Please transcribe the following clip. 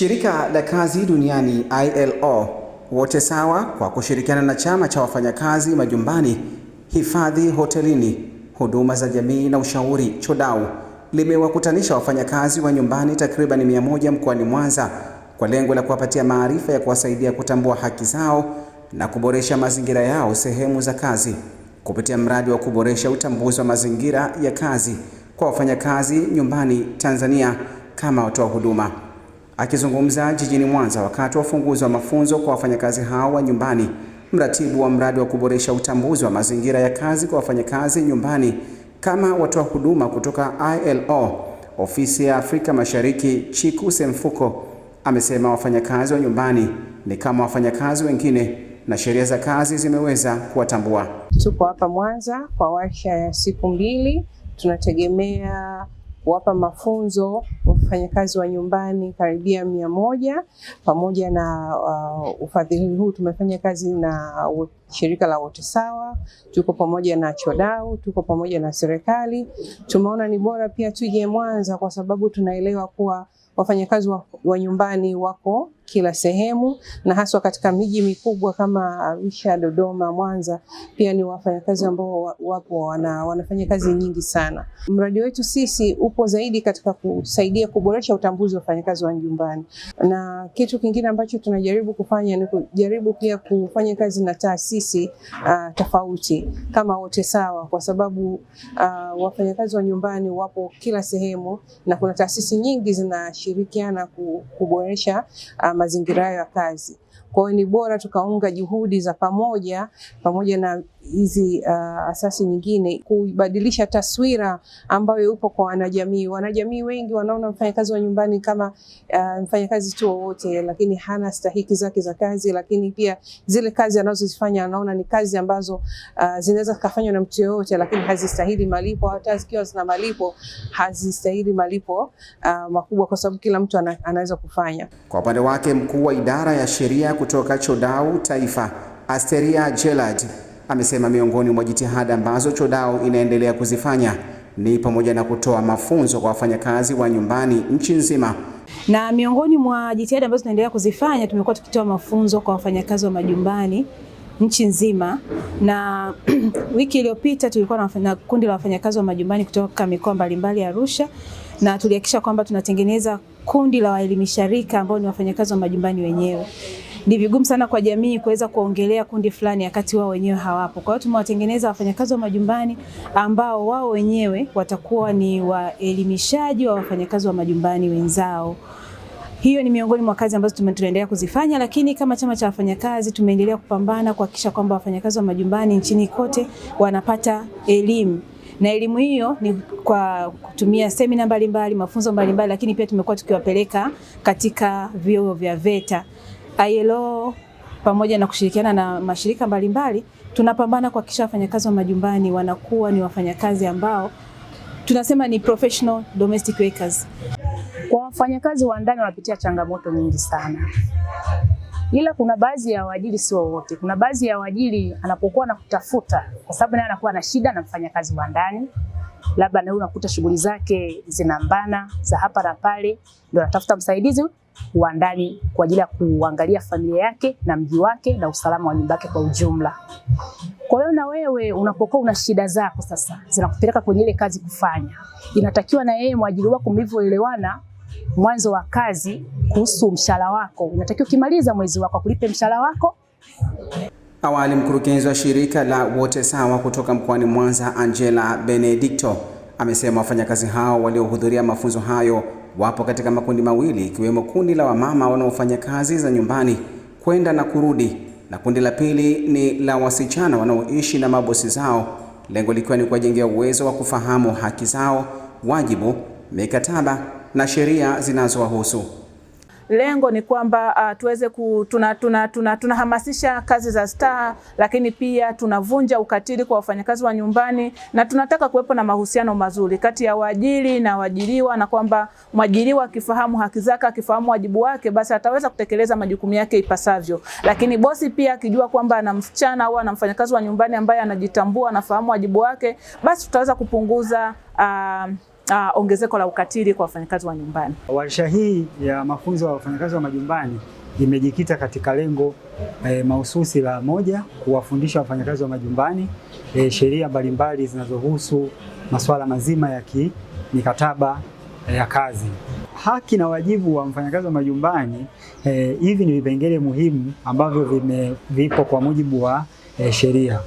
Shirika la Kazi Duniani ILO, wote sawa kwa kushirikiana na chama cha wafanyakazi majumbani, hifadhi, hotelini, huduma za jamii na ushauri CHODAW limewakutanisha wafanyakazi wa nyumbani takriban 100 mkoani Mwanza kwa lengo la kuwapatia maarifa ya kuwasaidia kutambua haki zao na kuboresha mazingira yao sehemu za kazi kupitia mradi wa kuboresha utambuzi wa mazingira ya kazi kwa wafanyakazi nyumbani Tanzania kama watoa huduma. Akizungumza jijini Mwanza wakati wa ufunguzi wa mafunzo kwa wafanyakazi hao wa nyumbani, mratibu wa mradi wa kuboresha utambuzi wa mazingira ya kazi kwa wafanyakazi nyumbani kama watoa huduma kutoka ILO ofisi ya Afrika Mashariki, Chiku Semfuko, amesema wafanyakazi wa nyumbani ni kama wafanyakazi wengine na sheria za kazi zimeweza kuwatambua. Tuko hapa Mwanza kwa warsha ya siku mbili, tunategemea kuwapa mafunzo wafanyakazi wa nyumbani karibia mia moja. Pamoja na uh, ufadhili huu tumefanya kazi na shirika la Wote Sawa, tuko pamoja na Chodau, tuko pamoja na serikali. Tumeona ni bora pia tuje Mwanza kwa sababu tunaelewa kuwa wafanyakazi wa, wa nyumbani wako kila sehemu, na haswa katika miji mikubwa kama Arusha, Dodoma, Mwanza, pia ni wafanyakazi ambao wapo wana, wanafanya kazi nyingi sana. Mradi wetu sisi upo zaidi katika kusaidia kuboresha utambuzi wa wafanyakazi wa nyumbani, na kitu kingine ambacho tunajaribu kufanya ni kujaribu pia kufanya kazi na taasisi uh, tofauti kama wote sawa, kwa sababu uh, wafanyakazi wa nyumbani wapo kila sehemu na kuna taasisi nyingi zina kushirikiana kuboresha uh, mazingira ya kazi. Kwa hiyo ni bora tukaunga juhudi za pamoja pamoja na hizi uh, asasi nyingine kubadilisha taswira ambayo upo kwa wanajamii. Wanajamii wengi wanaona mfanyakazi wa nyumbani kama uh, mfanyakazi tu wowote, lakini hana stahiki zake za kazi, lakini pia zile kazi anazozifanya anaona ni kazi ambazo uh, zinaweza kufanywa na mtu yoyote, lakini hazistahili malipo, hata zikiwa zina malipo hazistahili malipo uh, makubwa, kwa sababu kila mtu ana, anaweza kufanya. Kwa upande wake mkuu wa idara ya sheria kutoka Chodau Taifa Asteria Gelad amesema miongoni mwa jitihada ambazo Chodao inaendelea kuzifanya ni pamoja na kutoa mafunzo kwa wafanyakazi wa nyumbani nchi nzima. Na miongoni mwa jitihada ambazo tunaendelea kuzifanya, tumekuwa tukitoa mafunzo kwa wafanyakazi wa majumbani nchi nzima na wiki iliyopita tulikuwa na kundi la wafanyakazi wa majumbani kutoka mikoa mbalimbali ya Arusha, na tulihakikisha kwamba tunatengeneza kundi la waelimisha rika ambao ni wafanyakazi wa majumbani wenyewe ni vigumu sana kwa jamii kuweza kuongelea kundi fulani wakati wao wenyewe hawapo. Kwa hiyo tumewatengeneza wafanyakazi wa majumbani ambao wao wenyewe watakuwa ni waelimishaji wa wafanyakazi wa majumbani wenzao. Hiyo ni miongoni mwa kazi ambazo tunaendelea kuzifanya, lakini kama chama cha wafanyakazi tumeendelea kupambana kuhakikisha kwamba wafanyakazi wa majumbani nchini kote wanapata elimu na elimu hiyo ni kwa kutumia semina mbalimbali, mafunzo mbalimbali, lakini pia tumekuwa tukiwapeleka katika vyuo vya VETA ILO pamoja na kushirikiana na mashirika mbalimbali tunapambana kuhakikisha wafanyakazi wa majumbani wanakuwa ni wafanyakazi ambao tunasema ni professional domestic workers. Kwa wafanyakazi wa ndani wanapitia changamoto nyingi sana, ila kuna baadhi ya waajiri, sio wote. Kuna baadhi ya waajiri anapokuwa anakutafuta, kwa sababu naye anakuwa na shida na mfanyakazi wa ndani, labda naye unakuta shughuli zake zinambana za hapa na pale, ndio anatafuta msaidizi wa ndani kwa ajili ya kuangalia familia yake na mji wake na usalama wa nyumba yake kwa ujumla. Kwa hiyo na wewe unapokuwa una shida zako sasa zinakupeleka kwenye ile kazi kufanya, inatakiwa na yeye mwajiri wako mlivyoelewana mwanzo wa kazi kuhusu mshahara wako, inatakiwa ukimaliza mwezi wako kulipe mshahara wako. Awali mkurugenzi wa shirika la Wote Sawa kutoka mkoani Mwanza Angela Benedicto amesema wafanyakazi hao waliohudhuria mafunzo hayo wapo katika makundi mawili ikiwemo kundi la wamama wanaofanya kazi za nyumbani kwenda na kurudi na kundi la pili ni la wasichana wanaoishi na mabosi zao, lengo likiwa ni kuwajengea uwezo wa kufahamu haki zao, wajibu, mikataba na sheria zinazowahusu lengo ni kwamba uh, tuweze tunahamasisha tuna, tuna, tuna kazi za staha lakini pia tunavunja ukatili kwa wafanyakazi wa nyumbani na tunataka kuwepo na mahusiano mazuri kati ya waajiri na waajiriwa, na kwamba mwajiriwa akifahamu haki zake, akifahamu wajibu wake, basi ataweza kutekeleza majukumu yake ipasavyo. Lakini bosi pia akijua kwamba ana msichana au ana mfanyakazi wa nyumbani ambaye anajitambua, anafahamu wajibu wake, basi tutaweza kupunguza uh, uh, ongezeko la ukatili kwa wafanyakazi wa nyumbani. Warsha hii ya mafunzo ya wafanyakazi wa majumbani imejikita katika lengo eh, mahususi la moja, kuwafundisha wafanyakazi wa majumbani eh, sheria mbalimbali zinazohusu masuala mazima ya kimikataba eh, ya kazi. Haki na wajibu wa mfanyakazi wa majumbani eh, hivi eh, ni vipengele muhimu ambavyo vimevipo vipo kwa mujibu wa eh, sheria.